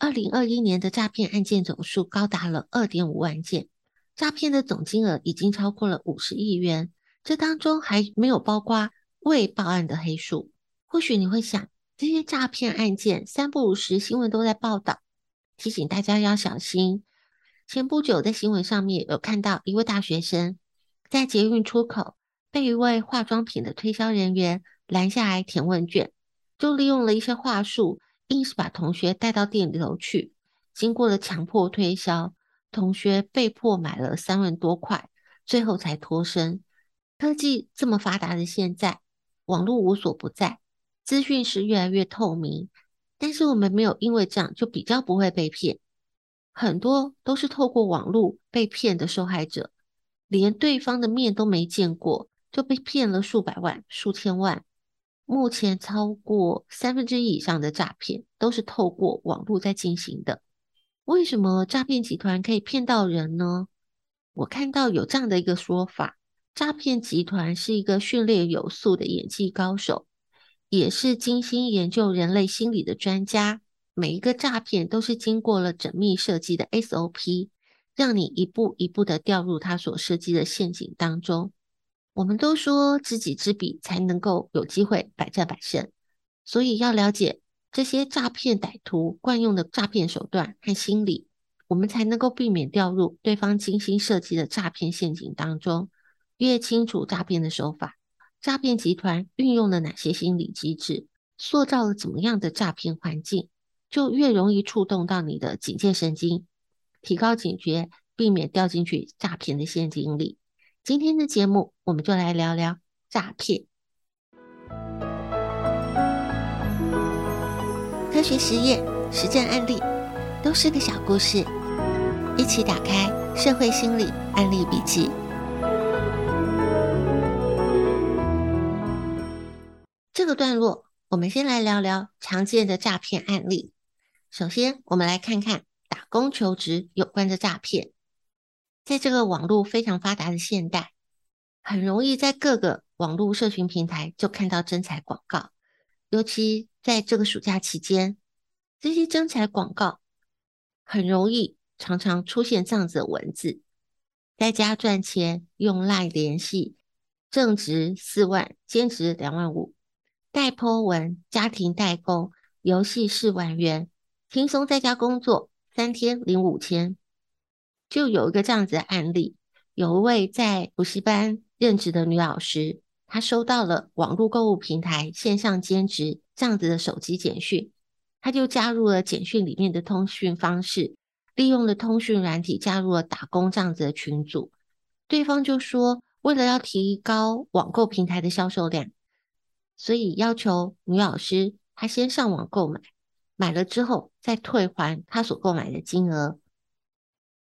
二零二一年的詐騙案件總數高達了二點五萬件，詐騙的總金額已經超過了五十億元，這當中還沒有包括未報案的黑數。或許你會想，這些詐騙案件三不五時新聞都在報道，提醒大家要小心。前不久在新聞上面有看到一位大學生在捷運出口被一位化妝品的推銷人員攔下來填問卷，就利用了一些話術。硬是把同學帶到店裡頭去，經過了強迫推銷，同學被迫買了三萬多塊，最後才脫身。科技這麼發達的現在，網絡無所不在，資訊是越來越透明，但是我們沒有因為這樣就比較不會被騙，很多都是透過網絡被騙的受害者，連對方的面都沒見過，就被騙了數百萬、數千萬。目前超過三分之一以上的詐騙都是透過網絡在進行的。為什麼詐騙集團可以騙到人呢？我看到有這樣的一個說法：詐騙集團是一個訓練有素的演技高手，也是精心研究人類心理的專家。每一個詐騙都是經過了縝密設計的 SOP，讓你一步一步的掉入他所設計的陷阱當中。我們都說知己知彼才能夠有機會百戰百勝，所以要了解這些詐騙歹徒慣用的詐騙手段和心理，我們才能夠避免掉入對方精心設計的詐騙陷阱當中。越清楚詐騙的手法，詐騙集團運用了哪些心理機制，塑造了怎麼樣的詐騙環境，就越容易觸動到你的警戒神經，提高警覺，避免掉進去詐騙的陷阱裡。今天的節目，我們就來聊聊詐騙。科學實驗、實戰案例都是個小故事，一起打開《社會心理案例筆記》。這個段落，我們先來聊聊常見的詐騙案例。首先，我們來看看打工求職有關的詐騙。在這個網絡非常發達的現代，很容易在各個網絡社群平台就看到徵才廣告。尤其在這個暑假期間，這些徵才廣告很容易常常出現這樣子的文字：在家賺錢，用 LINE 聯繫，正職四萬，兼職兩萬五，代播文、家庭代工、遊戲4萬元，輕鬆在家工作，三天領五千。就有一個這樣子的案例，有一位在補習班任職的女老師，她收到了網絡購物平台線上兼職這樣子的手機簡訊，她就加入了簡訊裡面的通訊方式，利用了通訊軟體加入了打工這樣子的群組。對方就說，為了要提高網購平台的銷售量，所以要求女老師她先上網購買，買了之後再退還她所購買的金額。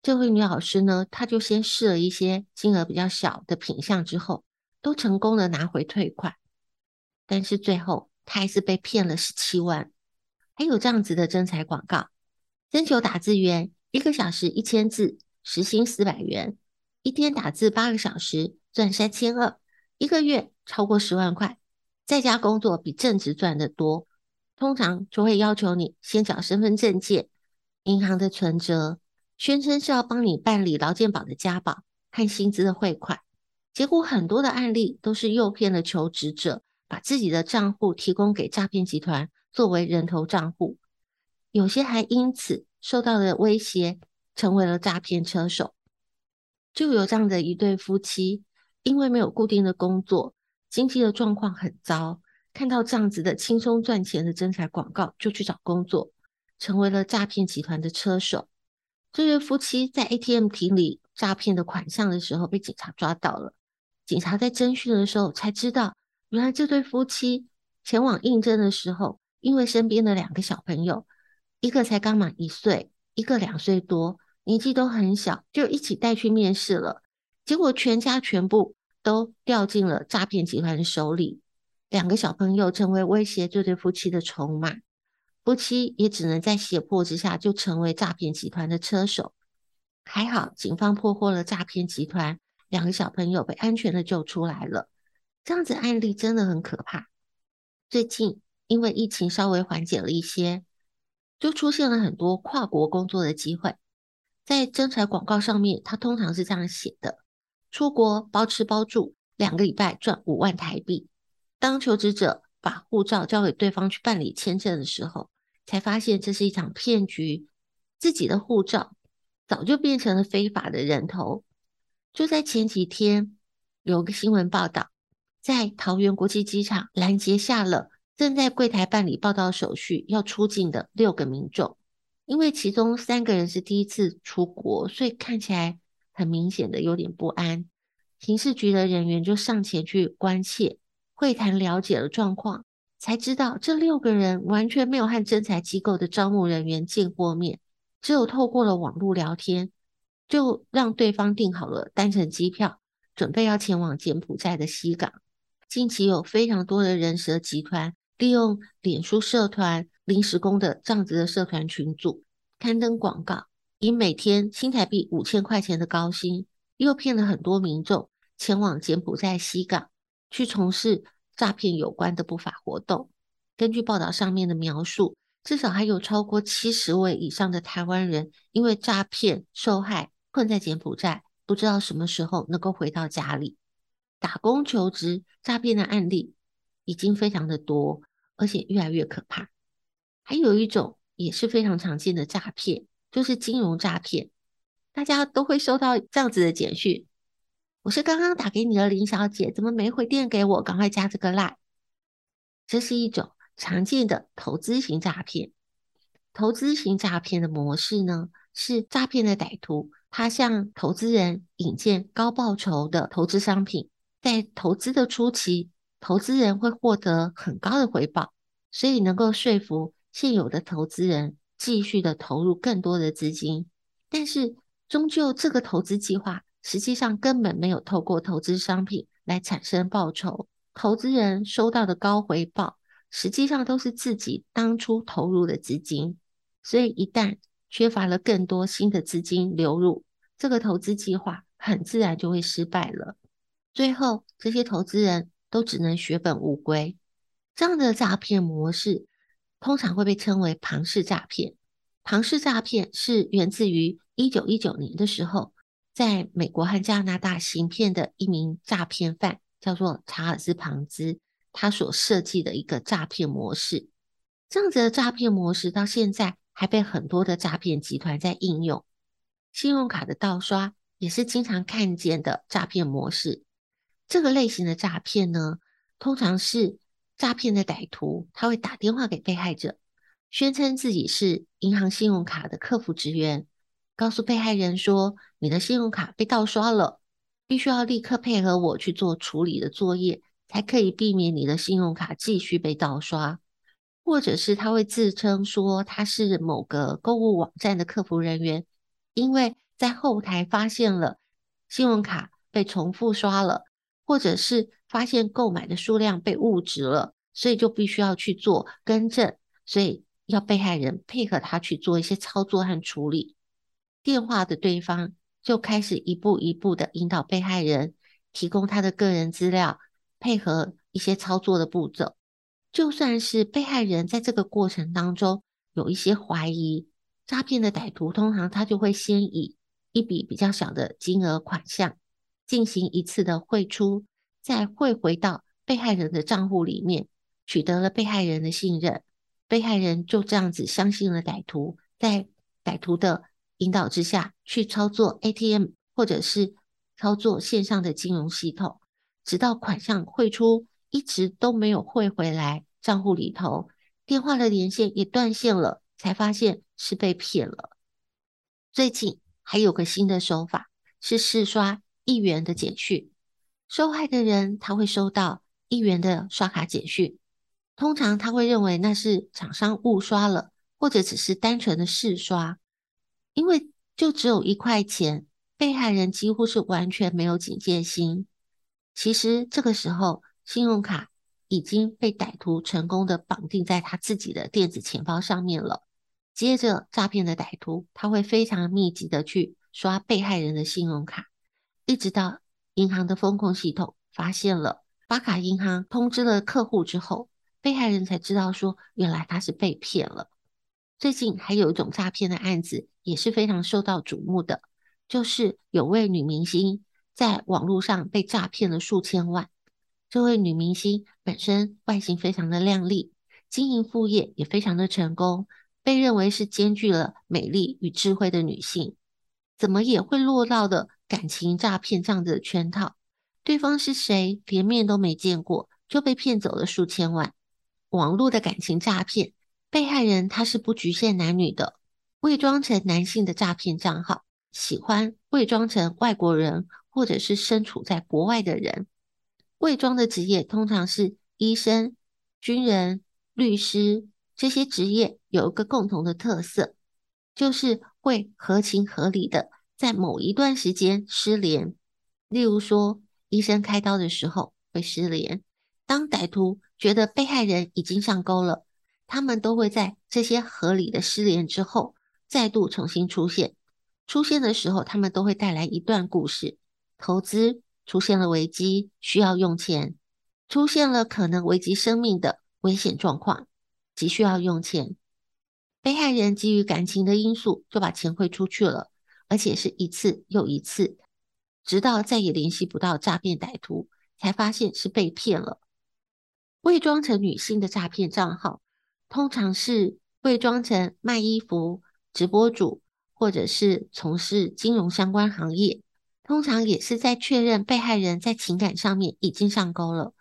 這位女老師呢，她就先試了一些金額比較小的品項，之後都成功的拿回退款，但是最後她還是被騙了十七萬。還有這樣子的徵才廣告，徵求打字員，一個小時一千字，時薪四百元，一天打字八個小時，賺三千二，一個月超過十萬塊，在家工作比正職賺得多。通常就會要求你先繳身份證件、銀行的存折。宣稱是要幫你辦理勞健保的加保和薪資的匯款，結果很多的案例都是誘騙了求職者，把自己的賬戶提供給詐騙集團作為人頭賬戶，有些還因此受到了威脅，成為了詐騙車手。就有這樣的一對夫妻，因為沒有固定的工作，經濟的狀況很糟，看到這樣子的輕鬆賺錢的徵才廣告，就去找工作，成為了詐騙集團的車手。這對夫妻在 ATM 提領詐騙的款項的時候被警察抓到了。警察在偵訊的時候才知道，原來這對夫妻前往應徵的時候，因為身邊的兩個小朋友，一個才剛滿一歲，一個兩歲多，年紀都很小，就一起帶去面試了，結果全家全部都掉進了詐騙集團的手裡，兩個小朋友成為威脅這對夫妻的籌碼。夫妻也只能在脅迫之下，就成為詐騙集團的車手。還好，警方破獲了詐騙集團，兩個小朋友被安全的救出來了。這樣子案例真的很可怕。最近因為疫情稍微緩解了一些，就出現了很多跨國工作的機會。在徵才廣告上面，他通常是這樣寫的：出國包吃包住，兩個禮拜賺五萬台幣。當求職者把護照交給對方去辦理簽證的時候，才發現這是一場騙局，自己的護照早就變成了非法的人頭。就在前幾天，有個新聞報道，在桃園國際機場攔截下了正在櫃台辦理報到手續要出境的六個民眾，因為其中三個人是第一次出國，所以看起來很明顯的有點不安。刑事局的人員就上前去關切，會談，了解了狀況。才知道這六個人完全沒有和徵才機構的招募人員見過面，只有透過了網絡聊天，就讓對方訂好了單程機票，準備要前往柬埔寨的西港。近期有非常多的人蛇集團利用臉書社團、臨時工的這樣子的社團群組，刊登廣告，以每天新台幣五千塊錢的高薪，誘騙了很多民眾前往柬埔寨西港去從事。詐騙有關的不法活動，根據報道上面的描述，至少還有超過七十位以上的台灣人因為詐騙受害，困在柬埔寨，不知道什麼時候能夠回到家裡。打工求職詐騙的案例已經非常的多，而且越來越可怕。還有一種也是非常常見的詐騙，就是金融詐騙，大家都會收到這樣子的簡訊。我是剛剛打給你的林小姐，怎麼沒回電給我？趕快加這個 LINE。這是一種常見的投資型詐騙。投資型詐騙的模式呢，是詐騙的歹徒他向投資人引薦高報酬的投資商品，在投資的初期，投資人會獲得很高的回報，所以能夠說服現有的投資人繼續的投入更多的資金。但是，終究這個投資計劃，實際上根本沒有透過投資商品來產生報酬，投資人收到的高回報，實際上都是自己當初投入的資金。所以一旦缺乏了更多新的資金流入，這個投資計劃很自然就會失敗了。最後，這些投資人都只能血本無歸。這樣的詐騙模式通常會被稱為龐氏詐騙。龐氏詐騙是源自於一九一九年的時候。在美國和加拿大行騙的一名詐騙犯，叫做查爾斯·龐茲，他所設計的一個詐騙模式，這樣子的詐騙模式到現在還被很多的詐騙集團在應用。信用卡的盜刷也是經常看見的詐騙模式。這個類型的詐騙呢，通常是詐騙的歹徒，他會打電話給被害者，宣稱自己是銀行信用卡的客服職員。告訴被害人說：“你的信用卡被盜刷了，必須要立刻配合我去做處理的作業，才可以避免你的信用卡繼續被盜刷。”或者是他會自稱說他是某個購物網站的客服人員，因為在後台發現了信用卡被重複刷了，或者是發現購買的數量被誤植了，所以就必須要去做更正，所以要被害人配合他去做一些操作和處理。電話的對方就開始一步一步的引導被害人提供他的個人資料，配合一些操作的步驟。就算是被害人在這個過程當中有一些懷疑，詐騙的歹徒通常他就會先以一筆比較小的金額款項進行一次的匯出，再匯回到被害人的賬戶裡面，取得了被害人的信任。被害人就這樣子相信了歹徒，在歹徒的。引導之下去操作 ATM，或者是操作線上的金融系統，直到款項匯出一直都沒有匯回來賬戶裡頭，電話的連線也斷線了，才發現是被騙了。最近還有個新的手法是試刷一元的簡訊，受害的人他會收到一元的刷卡簡訊，通常他會認為那是廠商誤刷了，或者只是單純的試刷。因為就只有一塊錢，被害人幾乎是完全沒有警戒心。其實這個時候，信用卡已經被歹徒成功地綁定在他自己的電子錢包上面了。接着，詐騙的歹徒他會非常密集地去刷被害人的信用卡，一直到銀行的風控系統發現了，發卡銀行通知了客戶之後，被害人才知道說，原來他是被騙了。最近還有一種詐騙的案子。也是非常受到矚目的，就是有位女明星在網絡上被詐騙了數千萬。這位女明星本身外形非常的靚麗，經營副業也非常的成功，被認為是兼具了美麗與智慧的女性，怎麼也會落到的感情詐騙這樣的圈套？對方是誰，連面都沒見過就被騙走了數千萬。網絡的感情詐騙，被害人他是不局限男女的。偽裝成男性的詐騙賬號，喜歡偽裝成外國人或者是身處在國外的人。偽裝的職業通常是醫生、軍人、律師，這些職業一個共同的特色，就是會合情合理的在某一段時間失聯。例如說，醫生開刀的時候會失聯。當歹徒覺得被害人已經上鈎了，他們都會在這些合理的失聯之後，再度重新出現，出現的時候，他們都會帶來一段故事。投資出現了危機，需要用錢；出現了可能危及生命的危險狀況，急需要用錢。被害人基於感情的因素，就把錢匯出去了，而且是一次又一次，直到再也聯繫不到詐騙歹徒，才發現是被騙了。偽裝成女性的詐騙賬號，通常是偽裝成賣衣服。直播主或者是從事金融相關行業，通常也是在確認被害人在情感上面已經上鈎了，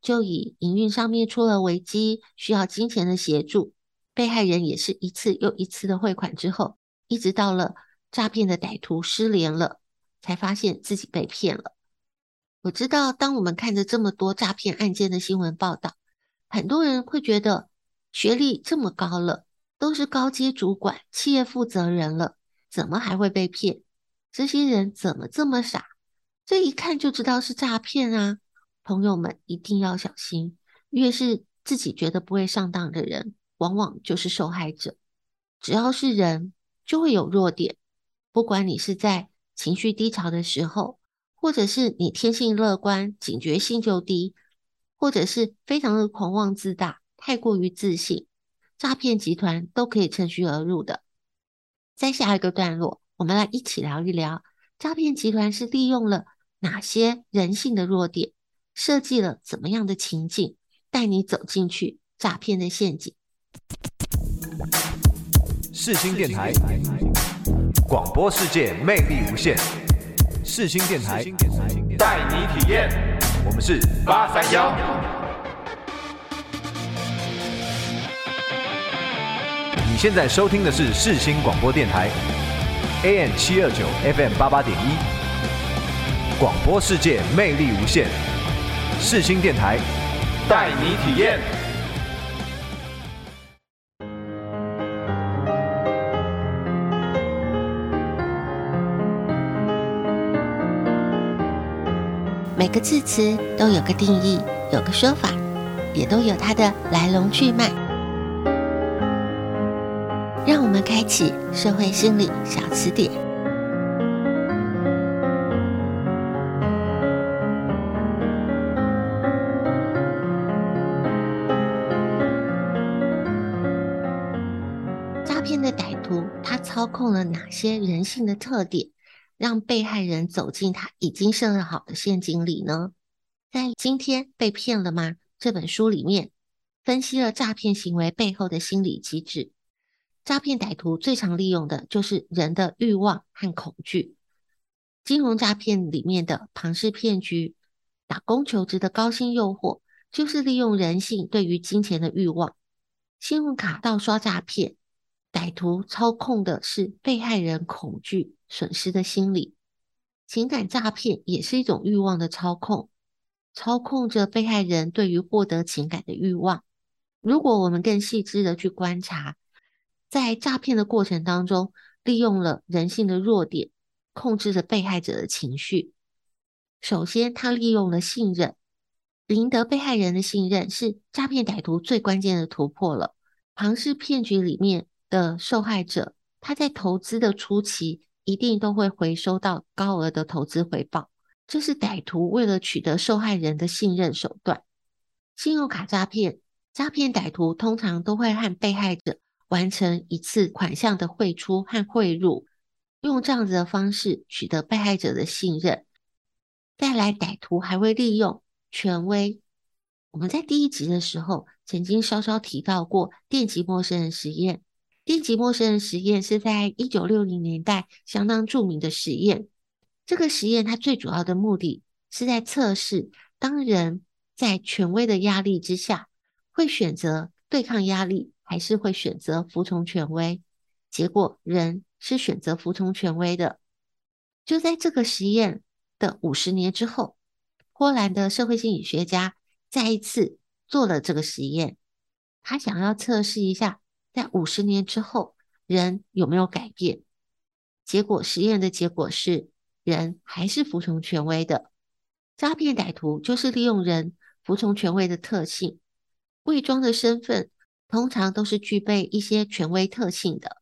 就以營運上面出了危機，需要金錢的協助。被害人也是一次又一次的匯款之後，一直到了詐騙的歹徒失聯了，才發現自己被騙了。我知道，當我們看着這麼多詐騙案件的新聞報道，很多人會覺得學歷這麼高了。都是高階主管、企業負責人了，怎麼還會被騙？這些人怎麼這麼傻？這一看就知道是詐騙啊！朋友們一定要小心，越是自己覺得不會上當的人，往往就是受害者。只要是人，就會有弱點。不管你是在情緒低潮的時候，或者是你天性樂觀、警覺性就低，或者是非常的狂妄自大、太過於自信。詐騙集團都可以趁虛而入的。在下一個段落，我們來一起聊一聊詐騙集團是利用了哪些人性的弱點，設計了怎麼樣的情境，帶你走進去詐騙的陷阱。世新電台，廣播世界魅力無限。世新電台，電台帶你體驗。我們是八三幺。你現在收聽的是世新廣播電台，AM 七二九 FM 八八點一，廣播世界魅力無限，世新電台帶你體驗。每個字詞都有個定義，有個說法，也都有它的來龍去脈。開啟社會心理小詞典。詐騙的歹徒，他操控了哪些人性的特點，讓被害人走進他已經設置好的陷阱裡呢？在《今天被騙了嗎》這本書裡面，分析了詐騙行為背後的心理機制。詐騙歹徒最常利用的就是人的慾望和恐懼。金融詐騙裡面的龐氏騙局、打工求職的高薪誘惑，就是利用人性對於金錢的慾望。信用卡盜刷詐騙，歹徒操控的是被害人恐懼損失的心理。情感詐騙也是一種慾望的操控，操控着被害人對於獲得情感的慾望。如果我們更細緻的去觀察，在詐騙的過程當中，利用了人性的弱點，控制着被害者的情緒。首先，他利用了信任，贏得被害人的信任是詐騙歹徒最關鍵的突破了。龐氏騙局裡面的受害者，他在投資的初期一定都會回收到高額的投資回報，這是歹徒為了取得受害人的信任手段。信用卡詐騙，詐騙歹徒通常都會和被害者。完成一次款項的匯出和匯入，用這樣子的方式取得被害者的信任。再來，歹徒還會利用權威。我們在第一集的時候曾經稍稍提到過電擊陌生人實驗。電擊陌生人實驗是在一九六零年代相當著名的實驗。這個實驗它最主要的目的是在測試當人在權威的壓力之下會選擇。對抗壓力，還是會選擇服從權威。結果，人是選擇服從權威的。就在這個實驗的五十年之後，波蘭的社會心理學家再一次做了這個實驗，他想要測試一下，在五十年之後人有沒有改變。結果實驗的結果是，人還是服從權威的。詐騙歹徒就是利用人服從權威的特性。偽裝的身份通常都是具備一些權威特性的，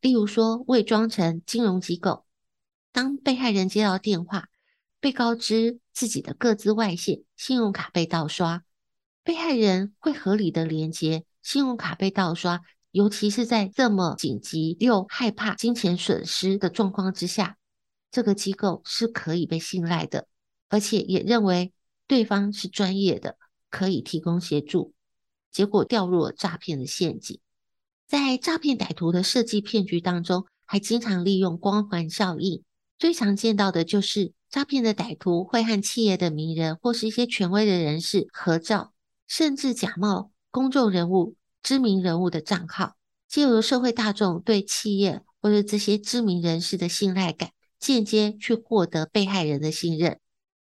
例如說偽裝成金融機構。當被害人接到電話，被告知自己的個資外洩、信用卡被盜刷，被害人會合理的聯結信用卡被盜刷，尤其是在這麼緊急又害怕金錢損失的狀況之下，這個機構是可以被信賴的，而且也認為對方是專業的，可以提供協助。結果掉入了詐騙的陷阱。在詐騙歹徒的設計騙局當中，還經常利用光環效應。最常見到的就是，詐騙的歹徒會和企業的名人或是一些權威的人士合照，甚至假冒公眾人物、知名人物的賬號，借由社會大眾對企業或者這些知名人士的信賴感，間接去獲得被害人的信任。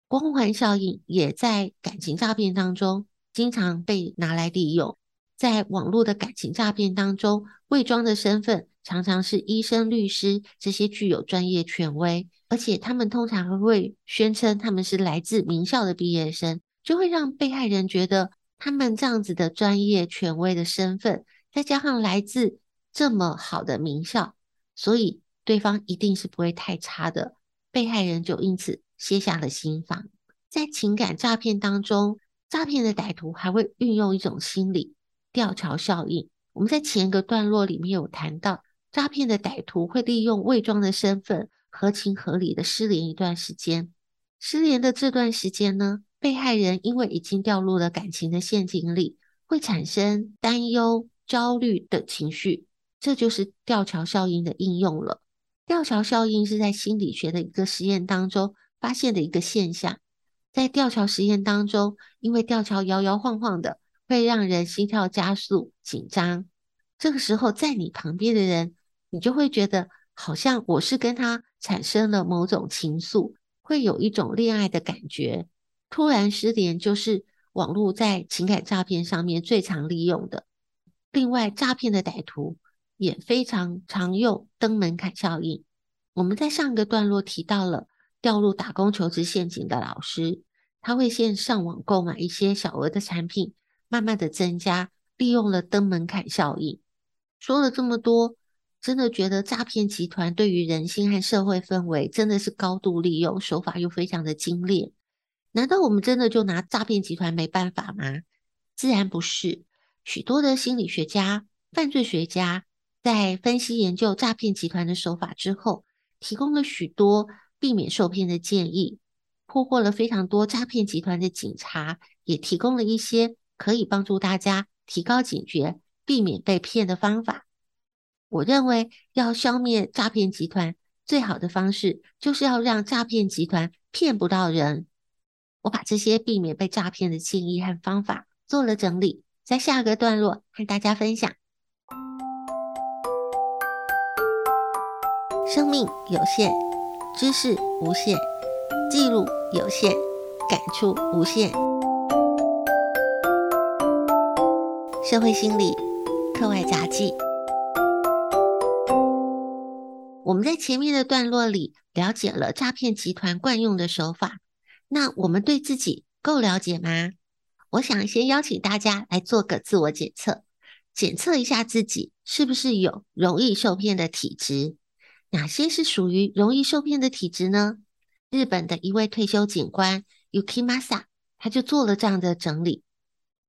光環效應也在感情詐騙當中，經常被拿來利用，在網絡的感情詐騙當中，偽裝的身份常常是醫生、律師這些具有專業權威，而且他們通常會宣稱他們是來自名校的畢業生，就會讓被害人覺得他們這樣子的專業權威的身份，再加上來自這麼好的名校，所以對方一定是不會太差的。被害人就因此卸下了心防，在情感詐騙當中。詐騙的歹徒還會運用一種心理吊橋效應。我們在前一個段落裡面有談到，詐騙的歹徒會利用偽裝的身份，合情合理的失聯一段時間。失聯的這段時間呢，被害人因為已經掉入了感情的陷阱裡，會產生擔憂、焦慮等情緒。這就是吊橋效應的應用了。吊橋效應是在心理學的一個實驗當中發現的一個現象。在吊橋實驗當中，因為吊橋搖搖晃晃的，會讓人心跳加速、緊張。這個時候，在你旁邊的人，你就會覺得好像我是跟他產生了某種情愫，會有一種戀愛的感覺。突然失聯，就是網絡在情感詐騙上面最常利用的。另外，詐騙的歹徒也非常常用登門檻效應。我們在上個段落提到了。掉入打工求職陷阱的老師，他會先上網購買一些小額的產品，慢慢的增加，利用了登門檻效應。說了這麼多，真的覺得詐騙集團對於人心和社會氛圍真的是高度利用，手法又非常的精煉。難道我們真的就拿詐騙集團沒辦法嗎？自然不是，許多的心理學家、犯罪學家在分析研究詐騙集團的手法之後，提供了許多，避免受騙的建議，破獲了非常多詐騙集團的警察，也提供了一些可以幫助大家提高警覺、避免被騙的方法。我認為，要消滅詐騙集團，最好的方式就是要讓詐騙集團騙不到人。我把這些避免被詐騙的建議和方法做了整理，在下個段落和大家分享。生命有限。知識無限，記錄有限，感觸無限。社會心理課外雜記。 我們在前面的段落裡了解了詐騙集團慣用的手法，那我們對自己夠了解嗎？我想先邀請大家來做個自我檢測，檢測一下自己是不是有容易受騙的體質。哪些是屬於容易受騙的體質呢？日本的一位退休警官 Yuki m a s a 他就做了這樣的整理。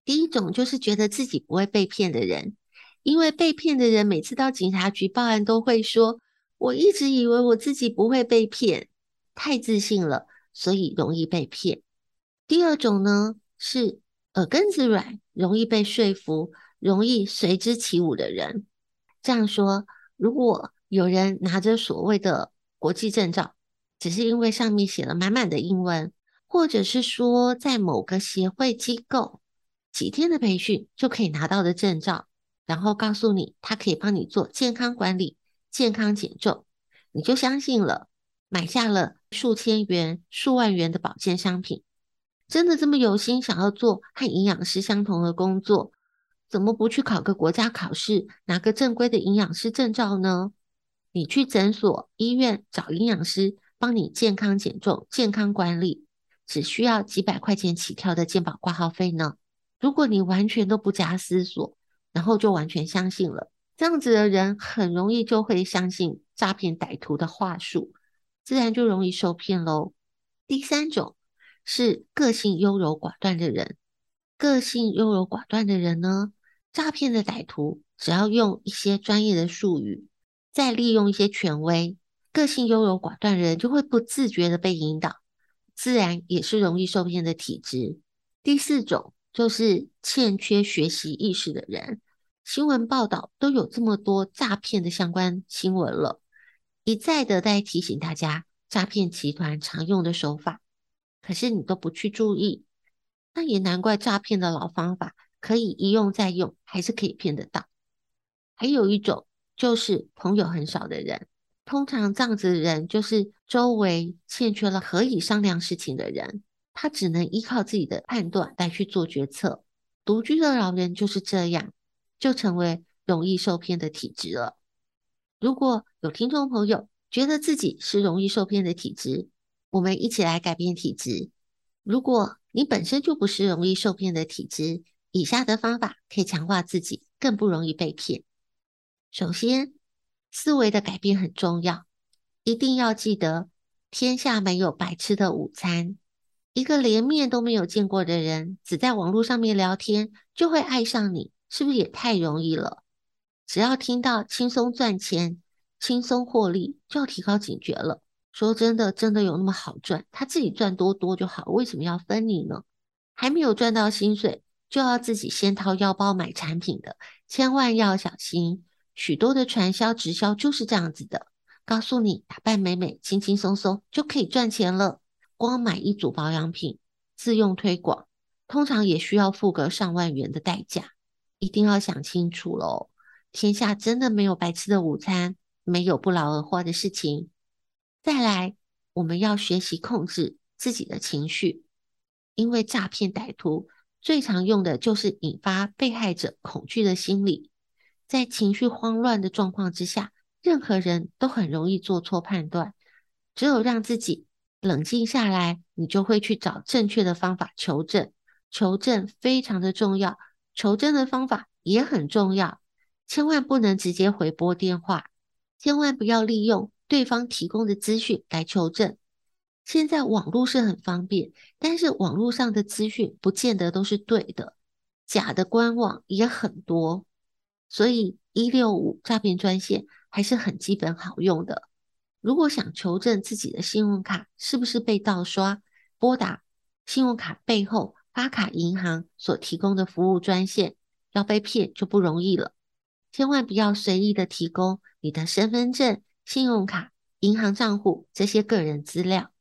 第一種就是覺得自己不會被騙的人，因為被騙的人每次到警察局報案都會說：“我一直以為我自己不會被騙，太自信了，所以容易被騙。”第二種呢是耳根子軟，容易被說服，容易隨之起舞的人。這樣說，如果有人拿着所謂的國際證照，只是因為上面寫了滿滿的英文，或者是說在某個協會機構幾天的培訓就可以拿到的證照，然後告訴你他可以幫你做健康管理、健康減重，你就相信了，買下了數千元、數萬元的保健商品。真的這麼有心想要做和營養師相同的工作，怎麼不去考個國家考試，拿個正規的營養師證照呢？你去診所、醫院找營養師幫你健康減重、健康管理，只需要幾百塊錢起跳的健保掛號費呢。如果你完全都不假思索，然後就完全相信了，這樣子的人很容易就會相信詐騙歹徒的話術，自然就容易受騙嘍。第三種是個性優柔寡斷的人，個性優柔寡斷的人呢，詐騙的歹徒只要用一些專業的術語。再利用一些權威、個性優柔寡斷的人，就會不自覺的被引導，自然也是容易受騙的體質。第四種就是欠缺學習意識的人，新聞報道都有這麼多詐騙的相關新聞了，一再的在提醒大家詐騙集團常用的手法，可是你都不去注意，那也難怪詐騙的老方法可以一用再用，還是可以騙得到。還有一種，就是朋友很少的人，通常這樣子的人就是周圍欠缺了可以商量事情的人，他只能依靠自己的判斷來去做決策。獨居的老人就是這樣，就成為容易受騙的體質了。如果有聽眾朋友覺得自己是容易受騙的體質，我們一起來改變體質。如果你本身就不是容易受騙的體質，以下的方法可以強化自己，更不容易被騙。首先，思維的改變很重要，一定要記得，天下沒有白吃的午餐。一個連面都沒有見過的人，只在網絡上面聊天，就會愛上你，是不是也太容易了？只要聽到輕鬆賺錢、輕鬆獲利，就要提高警覺了。說真的，真的有那麼好賺？他自己賺多多就好，為什麼要分你呢？還沒有賺到薪水，就要自己先掏腰包買產品的，千萬要小心。許多的傳銷直銷就是這樣子的，告訴你打扮美美，輕輕鬆鬆就可以賺錢了。光買一組保養品，自用推廣，通常也需要付個上萬元的代價。一定要想清楚囉哦！天下真的沒有白吃的午餐，沒有不勞而獲的事情。再來，我們要學習控制自己的情緒，因為詐騙歹徒最常用的就是引發被害者恐懼的心理。在情緒慌亂的狀況之下，任何人都很容易做錯判斷。只有讓自己冷靜下來，你就會去找正確的方法求證。求證非常的重要，求證的方法也很重要。千萬不能直接回撥電話，千萬不要利用對方提供的資訊來求證。現在網絡是很方便，但是網絡上的資訊不見得都是對的，假的官網也很多。所以，一六五詐騙專線還是很基本好用的。如果想求證自己的信用卡是不是被盜刷，撥打信用卡背後發卡銀行所提供的服務專線，要被騙就不容易了。千萬不要隨意的提供你的身份證、信用卡、銀行賬戶這些個人資料。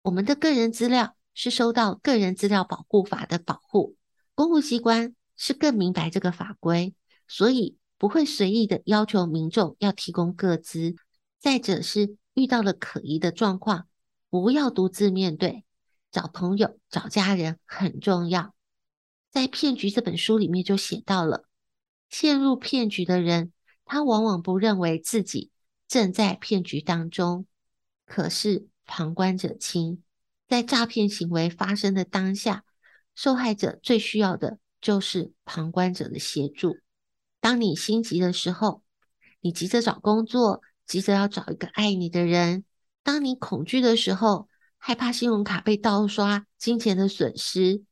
我們的個人資料是受到《個人資料保護法》的保護，公務機關是更明白這個法規。所以不會隨意的要求民眾要提供個資。再者是遇到了可疑的狀況，不要獨自面對，找朋友、找家人很重要。在《騙局》這本書裡面就寫到了，陷入騙局的人，他往往不認為自己正在騙局當中。可是旁觀者清，在詐騙行為發生的當下，受害者最需要的就是旁觀者的協助。當你心急的時候，你急着找工作，急着要找一個愛你的人；當你恐懼的時候，害怕信用卡被盜刷、金錢的損失；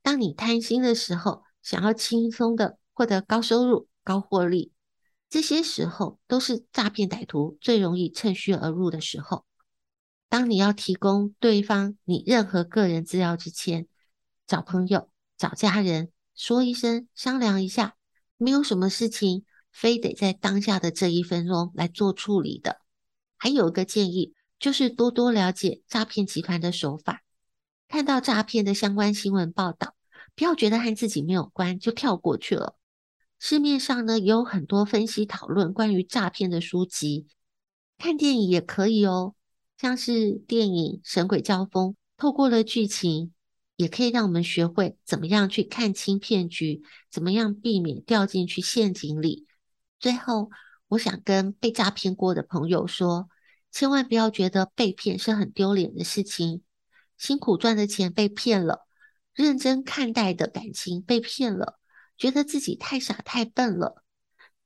當你貪心的時候，想要輕鬆的獲得高收入、高獲利，這些時候都是詐騙歹徒最容易趁虛而入的時候。當你要提供對方你任何個人資料之前，找朋友、找家人、說一聲，商量一下。沒有什麼事情非得在當下的這一分鐘來做處理的。還有一個建議，就是多多了解詐騙集團的手法，看到詐騙的相關新聞報道，不要覺得和自己沒有關就跳過去了。市面上呢也有很多分析討論關於詐騙的書籍，看電影也可以哦，像是電影《神鬼交鋒》，透過了劇情。也可以讓我們學會怎麼樣去看清騙局，怎麼樣避免掉進去陷阱裡。最後，我想跟被詐騙過的朋友說，千萬不要覺得被騙是很丟臉的事情。辛苦賺的錢被騙了，認真看待的感情被騙了，覺得自己太傻太笨了。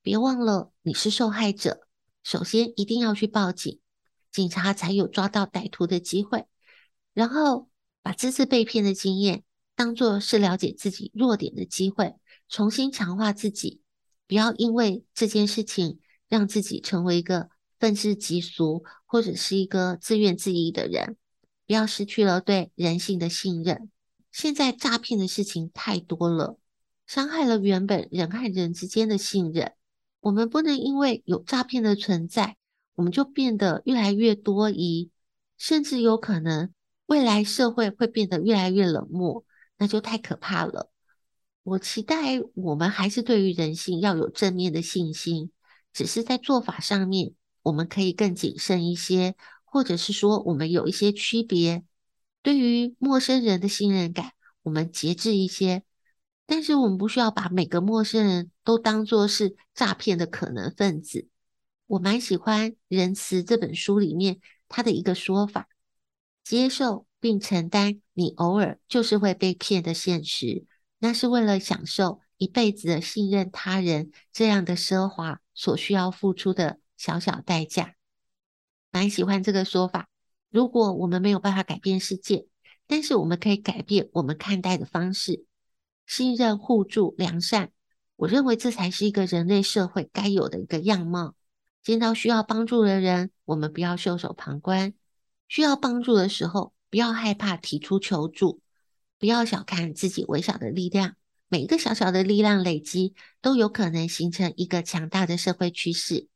別忘了你是受害者，首先一定要去報警，警察才有抓到歹徒的機會。然後，把這次被騙的經驗當作是了解自己弱點的機會，重新強化自己，不要因為這件事情讓自己成為一個憤世嫉俗或者是一個自怨自艾的人，不要失去了對人性的信任。現在詐騙的事情太多了，傷害了原本人和人之間的信任。我們不能因為有詐騙的存在，我們就變得越來越多疑，甚至有可能。未來社會會變得越來越冷漠，那就太可怕了。我期待我們還是對於人性要有正面的信心，只是在做法上面我們可以更謹慎一些，或者是說我們有一些區別，對於陌生人的信任感我們節制一些，但是我們不需要把每個陌生人都當作是詐騙的可能分子。我蠻喜歡《仁慈》這本書裡面他的一個說法。接受並承擔你偶爾就是會被騙的現實，那是為了享受一輩子的信任他人這樣的奢華所需要付出的小小代價。蠻喜歡這個說法。如果我們沒有辦法改變世界，但是我們可以改變我們看待的方式，信任、互助、良善，我認為這才是一個人類社會該有的一個樣貌。見到需要幫助的人，我們不要袖手旁觀。需要幫助的時候，不要害怕提出求助，不要小看自己微小的力量。每一個小小的力量累積，都有可能形成一個強大的社會趨勢。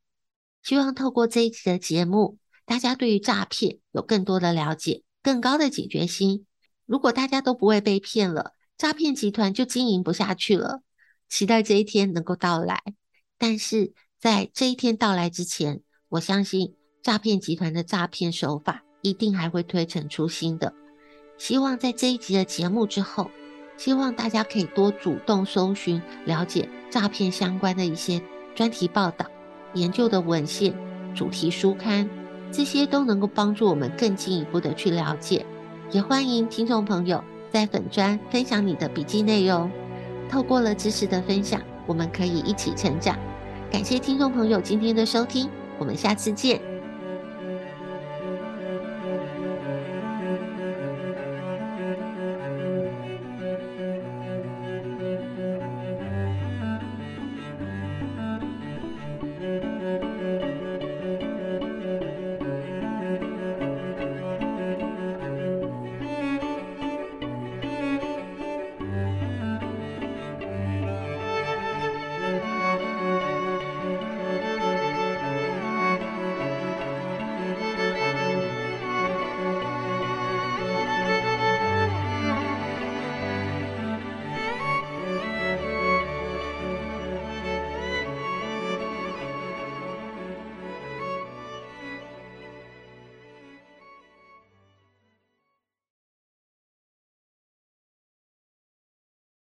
希望透過這一集的節目，大家對於詐騙有更多的了解，更高的解決心。如果大家都不會被騙了，詐騙集團就經營不下去了。期待這一天能夠到來，但是在這一天到來之前，我相信詐騙集團的詐騙手法。一定還會推陳出新的。希望在這一集的節目之後，希望大家可以多主動搜尋、了解詐騙相關的一些專題報道、研究的文獻、主題書刊，這些都能夠幫助我們更進一步的去了解。也歡迎聽眾朋友在粉專分享你的筆記內容。透過了知識的分享，我們可以一起成長。感謝聽眾朋友今天的收聽，我們下次見。